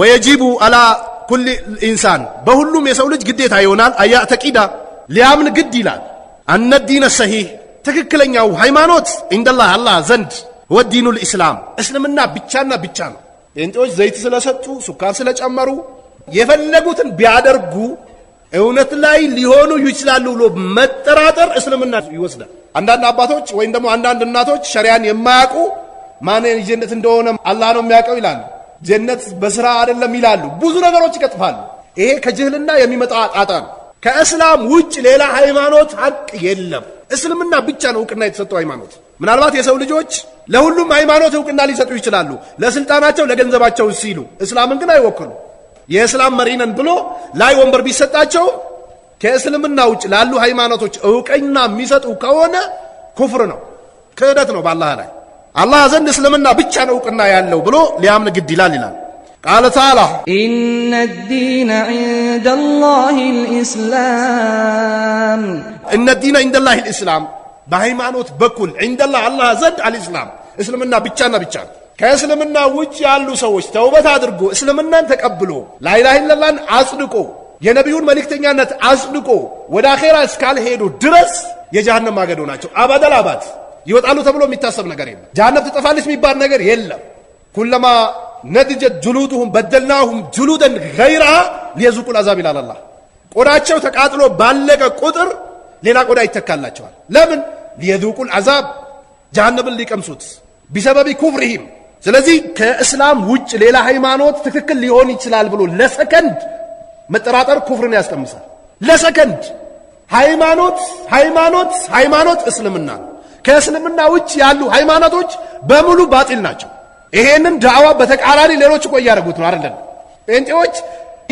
ወየጂቡ አላ ኩል ኢንሳን በሁሉም የሰው ልጅ ግዴታ ይሆናል። አያዕተቂዳ ሊያምን ግድ ይላል። አነዲነ ሰሂህ ትክክለኛው ሃይማኖት ኢንደላህ አላህ ዘንድ ወዲኑል ኢስላም እስልምና ብቻና ብቻ ነው። ጴንጤዎች ዘይት ስለሰጡ ሱካር ስለጨመሩ የፈለጉትን ቢያደርጉ እውነት ላይ ሊሆኑ ይችላሉ ብሎ መጠራጠር እስልምና ይወስዳል። አንዳንድ አባቶች ወይም ደግሞ አንዳንድ እናቶች ሸሪያን የማያውቁ ማን ልጅነት እንደሆነ አላህ ነው የሚያውቀው ይላሉ። ጀነት በስራ አይደለም ይላሉ። ብዙ ነገሮች ይቀጥፋሉ። ይሄ ከጅህልና የሚመጣ ጣጣ ነው። ከእስላም ውጭ ሌላ ሃይማኖት ሀቅ የለም። እስልምና ብቻ ነው እውቅና የተሰጠው ሃይማኖት። ምናልባት የሰው ልጆች ለሁሉም ሃይማኖት እውቅና ሊሰጡ ይችላሉ፣ ለስልጣናቸው፣ ለገንዘባቸው ሲሉ። እስላምን ግን አይወክሉ። የእስላም መሪነን ብሎ ላይ ወንበር ቢሰጣቸው ከእስልምና ውጭ ላሉ ሃይማኖቶች እውቅና የሚሰጡ ከሆነ ኩፍር ነው፣ ክህደት ነው በአላህ ላይ አላህ ዘንድ እስልምና ብቻ ነው እውቅና ያለው ብሎ ሊያምን ግድ ይላል ይላል። ቃለ ተዓላ ኢነ ዲነ ዒንደላሂ ልእስላም እነ ዲነ ዒንደላሂ ልእስላም በሃይማኖት በኩል ዒንደላህ አላህ ዘንድ አልእስላም እስልምና ብቻና ብቻ ከእስልምና ውጭ ያሉ ሰዎች ተውበት አድርጎ እስልምናን ተቀብሎ ላኢላሃ ኢለላህን አጽድቆ የነቢዩን መልእክተኛነት አጽድቆ ወደ አኼራ እስካልሄዱ ድረስ የጀሃነም ማገዶ ናቸው። አባደል አባት ይወጣሉ ተብሎ የሚታሰብ ነገር የለም። ጀሃነም ትጠፋለች የሚባል ነገር የለም። ኩለማ ነድጀት ጅሉድሁም በደልናሁም ጅሉደን ገይራ ሊየዙቁል አዛብ ይላል አላ ቆዳቸው ተቃጥሎ ባለቀ ቁጥር ሌላ ቆዳ ይተካላቸዋል። ለምን ሊየዙቁል አዛብ ጀሃነምን ሊቀምሱት ቢሰበቢ ኩፍርሂም። ስለዚህ ከእስላም ውጭ ሌላ ሃይማኖት ትክክል ሊሆን ይችላል ብሎ ለሰከንድ መጠራጠር ኩፍርን ያስቀምሳል። ለሰከንድ ሃይማኖት ሃይማኖት ሃይማኖት እስልምና ነው። ከእስልምና ውጭ ያሉ ሃይማኖቶች በሙሉ ባጢል ናቸው። ይሄንን ዳዕዋ በተቃራኒ ሌሎች እኮ እያደረጉት ነው አይደለም? ጴንጤዎች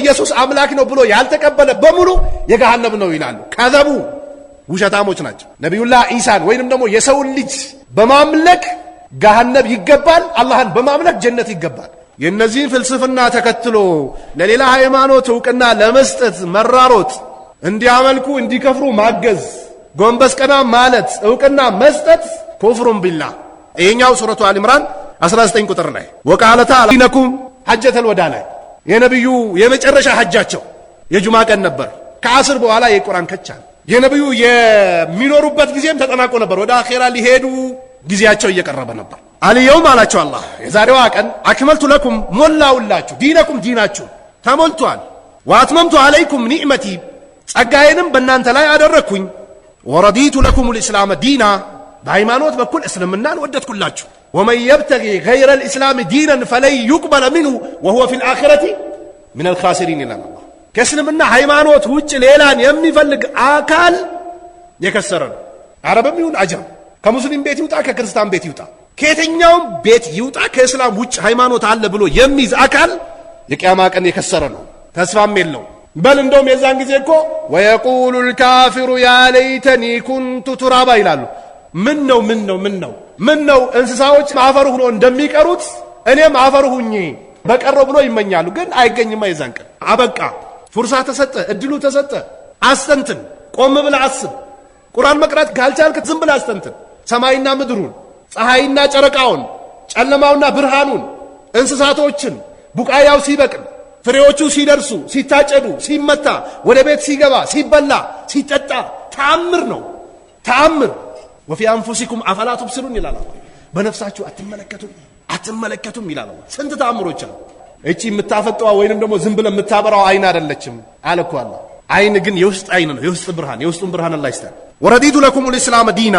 ኢየሱስ አምላክ ነው ብሎ ያልተቀበለ በሙሉ የገሃነም ነው ይላሉ። ከዘቡ ውሸታሞች ናቸው። ነቢዩላ ኢሳን ወይንም ደግሞ የሰውን ልጅ በማምለክ ገሃነብ ይገባል፣ አላህን በማምለክ ጀነት ይገባል። የእነዚህን ፍልስፍና ተከትሎ ለሌላ ሃይማኖት እውቅና ለመስጠት መራሮት እንዲያመልኩ እንዲከፍሩ ማገዝ ጎንበስ ቀና ማለት እውቅና መስጠት ኩፍሩን ቢላ። ይሄኛው ሱረቱ አል 19 ቁጥር ላይ ወቃለታ ነኩም ሐጀተል ወዳ ላይ የነቢዩ የመጨረሻ ሐጃቸው የጁማ ቀን ነበር። ከአስር በኋላ የቁርአን ከቻል የነቢዩ የሚኖሩበት ጊዜም ተጠናቆ ነበር። ወደ አኼራ ሊሄዱ ጊዜያቸው እየቀረበ ነበር። አልየውም አላቸው አላህ የዛሬዋ ቀን አክመልቱ ለኩም ሞላውላችሁ፣ ዲነኩም ዲናችሁ ተሞልቷል። ወአትመምቱ አለይኩም ኒዕመቲ ጸጋዬንም በእናንተ ላይ አደረግኩኝ ወረዲቱ ለኩም ልእስላመ ዲና በሃይማኖት በኩል እስልምናን ወደድኩላችሁ። ወመን የብተጊ ገይረ ልእስላም ዲናን ፈለን ዩቅበለ ምንሁ ወሁወ ፊ ልአኽረቲ ምን አልኻሲሪን ይላል አላህ። ከእስልምና ሃይማኖት ውጭ ሌላን የሚፈልግ አካል የከሰረ ነው። አረብም ይሁን አጀም፣ ከሙስሊም ቤት ይውጣ፣ ከክርስቲያን ቤት ይውጣ፣ ከየትኛውም ቤት ይውጣ፣ ከእስላም ውጭ ሃይማኖት አለ ብሎ የሚይዝ አካል የቅያማ ቀን የከሰረ ነው፣ ተስፋም የለው በል እንደውም የዛን ጊዜ እኮ ወየቁሉ ልካፊሩ ያ ለይተኒ ኩንቱ ቱራባ ይላሉ። ምን ነው ምን ነው ምን ነው ምን ነው እንስሳዎች አፈር ሆኖ እንደሚቀሩት እኔም አፈር ሁኜ በቀረው ብሎ ይመኛሉ። ግን አይገኝማ። የዛን ቀን አበቃ። ፉርሳ ተሰጠ፣ እድሉ ተሰጠ። አስተንትን፣ ቆም ብለ አስብ። ቁርአን መቅራት ካልቻልክ ዝም ብለ አስተንትን። ሰማይና ምድሩን፣ ፀሐይና ጨረቃውን፣ ጨለማውና ብርሃኑን፣ እንስሳቶችን፣ ቡቃያው ሲበቅል ፍሬዎቹ ሲደርሱ ሲታጨዱ ሲመታ ወደ ቤት ሲገባ ሲበላ ሲጠጣ ተአምር ነው። ተአምር ወፊ አንፉሲኩም አፈላ ቱብስሩን ይላል። በነፍሳችሁ አትመለከቱም አትመለከቱም ይላል። ስንት ተአምሮች አሉ። እቺ የምታፈጠዋ ወይንም ደግሞ ዝም ብለ የምታበራው አይን አይደለችም አለኳለ አይን ግን የውስጥ አይን ነው፣ የውስጥ ብርሃን የውስጡን ብርሃን አላህ ወረዲቱ ለኩም ልእስላም ዲና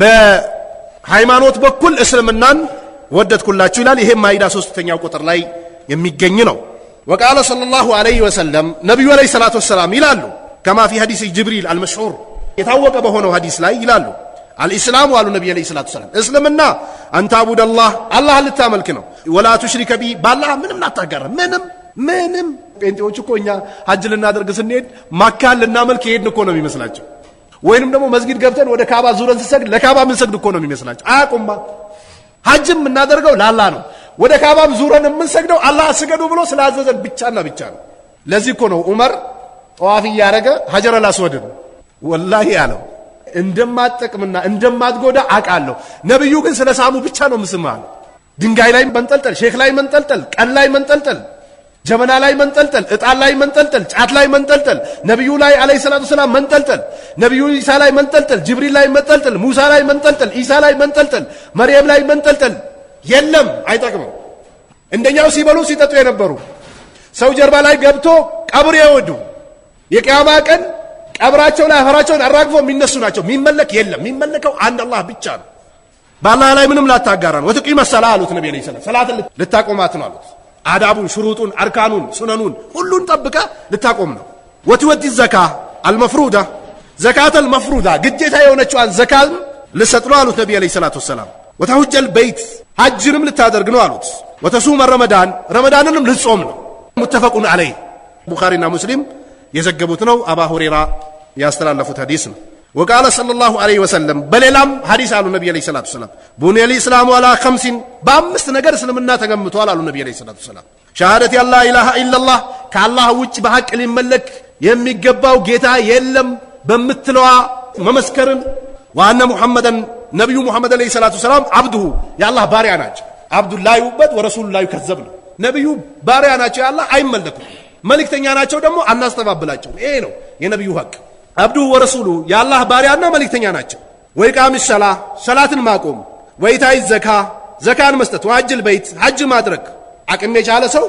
በሃይማኖት በኩል እስልምናን ወደድኩላችሁ ይላል። ይሄም ማይዳ ሶስተኛው ቁጥር ላይ የሚገኝ ነው። ወቃለ ሰለላሁ ዐለይሂ ወሰለም ነቢዩ ዐለይሂ ሰላቱ ወሰላም ይላሉ ከማ ፊ ሐዲስ ጅብሪል አልመሽዑር የታወቀ በሆነው ሐዲስ ላይ ይላሉ አልኢስላሙ አሉ ነቢዩ ዐለይሂ ሰላቱ ወሰላም እስልምና አንተ አቡደላህ አላህ ልታመልክ ነው። ወላ ቱሽሪከ ቢ ባላህ ምንም አታጋራ ምንም ምንም። ጴንጤዎች እኮ እኛ ሀጅ ልናደርግ ስንሄድ ማካን ልናመልክ የሄድን እኮ ነው የሚመስላቸው። ወይንም ደግሞ መስጊድ ገብተን ወደ ካባ ዙረን ስሰግድ ለካባ ምንሰግድ እኮ ነው የሚመስላቸው። አያቁማ ሀጅም የምናደርገው ላላ ነው ወደ ካባም ዙረን የምንሰግደው አላህ ስገዱ ብሎ ስላዘዘን ብቻና ብቻ ነው። ለዚህ እኮ ነው ዑመር ጠዋፍ እያደረገ ሀጀረ ላስወድን ወላሂ አለው እንደማትጠቅምና እንደማትጎዳ አውቃለሁ። ነቢዩ ግን ስለ ሳሙ ብቻ ነው ምስማ ድንጋይ ላይ መንጠልጠል፣ ሼክ ላይ መንጠልጠል፣ ቀን ላይ መንጠልጠል፣ ጀበና ላይ መንጠልጠል፣ እጣን ላይ መንጠልጠል፣ ጫት ላይ መንጠልጠል፣ ነቢዩ ላይ አለይሂ ሰላቱ ሰላም መንጠልጠል፣ ነቢዩ ኢሳ ላይ መንጠልጠል፣ ጅብሪል ላይ መንጠልጠል፣ ሙሳ ላይ መንጠልጠል፣ ኢሳ ላይ መንጠልጠል፣ መርየም ላይ መንጠልጠል የለም አይጠቅምም። እንደኛው ሲበሉ ሲጠጡ የነበሩ ሰው ጀርባ ላይ ገብቶ ቀብር የወዱ የቅያማ ቀን ቀብራቸው ላይ አፈራቸውን አራግፎ የሚነሱ ናቸው። የሚመለክ የለም። የሚመለከው አንድ አላህ ብቻ ነው። በአላህ ላይ ምንም ላታጋራ ነው። ወትቂ መሰላ አሉት ነቢ ላ ሰላትን ልታቆማት ነው አሉት። አዳቡን፣ ሽሩጡን፣ አርካኑን፣ ሱነኑን ሁሉን ጠብቀ ልታቆም ነው። ወትወዲ ዘካ አልመፍሩዳ ዘካተል መፍሩዳ ግዴታ የሆነችዋን ዘካ ልሰጥ ነው አሉት ነቢ ዐለይሂ ሰላቱ ወሰላም። ወተሁጀል በይት ሐጅንም ልታደርግ ነው አሉት። ወተሱመ ረመዳን ረመዳንንም ልጾም ነው። ሙተፈቁን አለይህ ቡኻሪና ሙስሊም የዘገቡት ነው። አባ ሁሬራ ያስተላለፉት ሐዲስ ነው። ወቃለ ሰለላሁ ዐለይሂ ወሰለም በሌላም ሐዲስ አሉ ነቢ ዐለይሂ ሰላቱ ወሰላም ቡኒየል ኢስላሙ አላ ከምሲን በአምስት ነገር እስልምና ተገምቷል አሉ ነቢ ዐለይሂ ሰላቱ ወሰላም ሸሃደት ያላ ኢላሃ ኢለላህ ከአላህ ውጭ በሐቅ ሊመለክ የሚገባው ጌታ የለም በምትለዋ መመስከርን ዋነ ሙሐመደን ነቢዩ ሙሐመድ ዓለይሂ ሰላቱ ሰላም አብድሁ የአላህ ባሪያ ናቸው። አብዱላ ይውበት ወረሱሉ ላይ ከዘብ ነው። ነቢዩ ባሪያ ናቸው፣ የአላህ አይመለኩም። መልእክተኛ ናቸው ደግሞ አናስተባብላቸው። ይሄ ነው የነቢዩ ሀቅ። አብዱሁ ወረሱሉ የአላህ ባሪያና መልእክተኛ ናቸው። ወይ ቃሚ ሰላ ሰላትን ማቆም፣ ወይ ታይ ዘካ ዘካን መስጠት፣ ወሐጅል በይት ሐጅ ማድረግ። አቅም የቻለ ሰው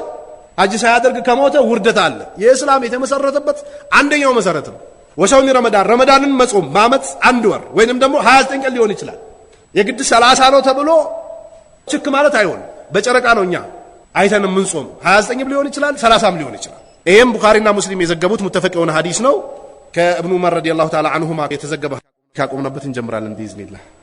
ሐጅ ሳያደርግ ከሞተ ውርደት አለ። የእስላም የተመሰረተበት አንደኛው መሰረት ነው። ወሸውሚ ረመዳን ረመዳንን መጾም ማመት አንድ ወር ወይንም ደግሞ 29 ቀን ሊሆን ይችላል። የግድ 30 ነው ተብሎ ችክ ማለት አይሆን። በጨረቃ ነው እኛ አይተን የምንጾም 29 ሊሆን ይችላል 30 ሊሆን ይችላል። ይህም ቡኻሪና ሙስሊም የዘገቡት ሙተፈቅ የሆነ ሀዲስ ነው። ከእብኑ ዑመር ረዲየላሁ ተዓላ አንሁማ የተዘገበ ካቆምነበት እንጀምራለን ቢኢዝኒላህ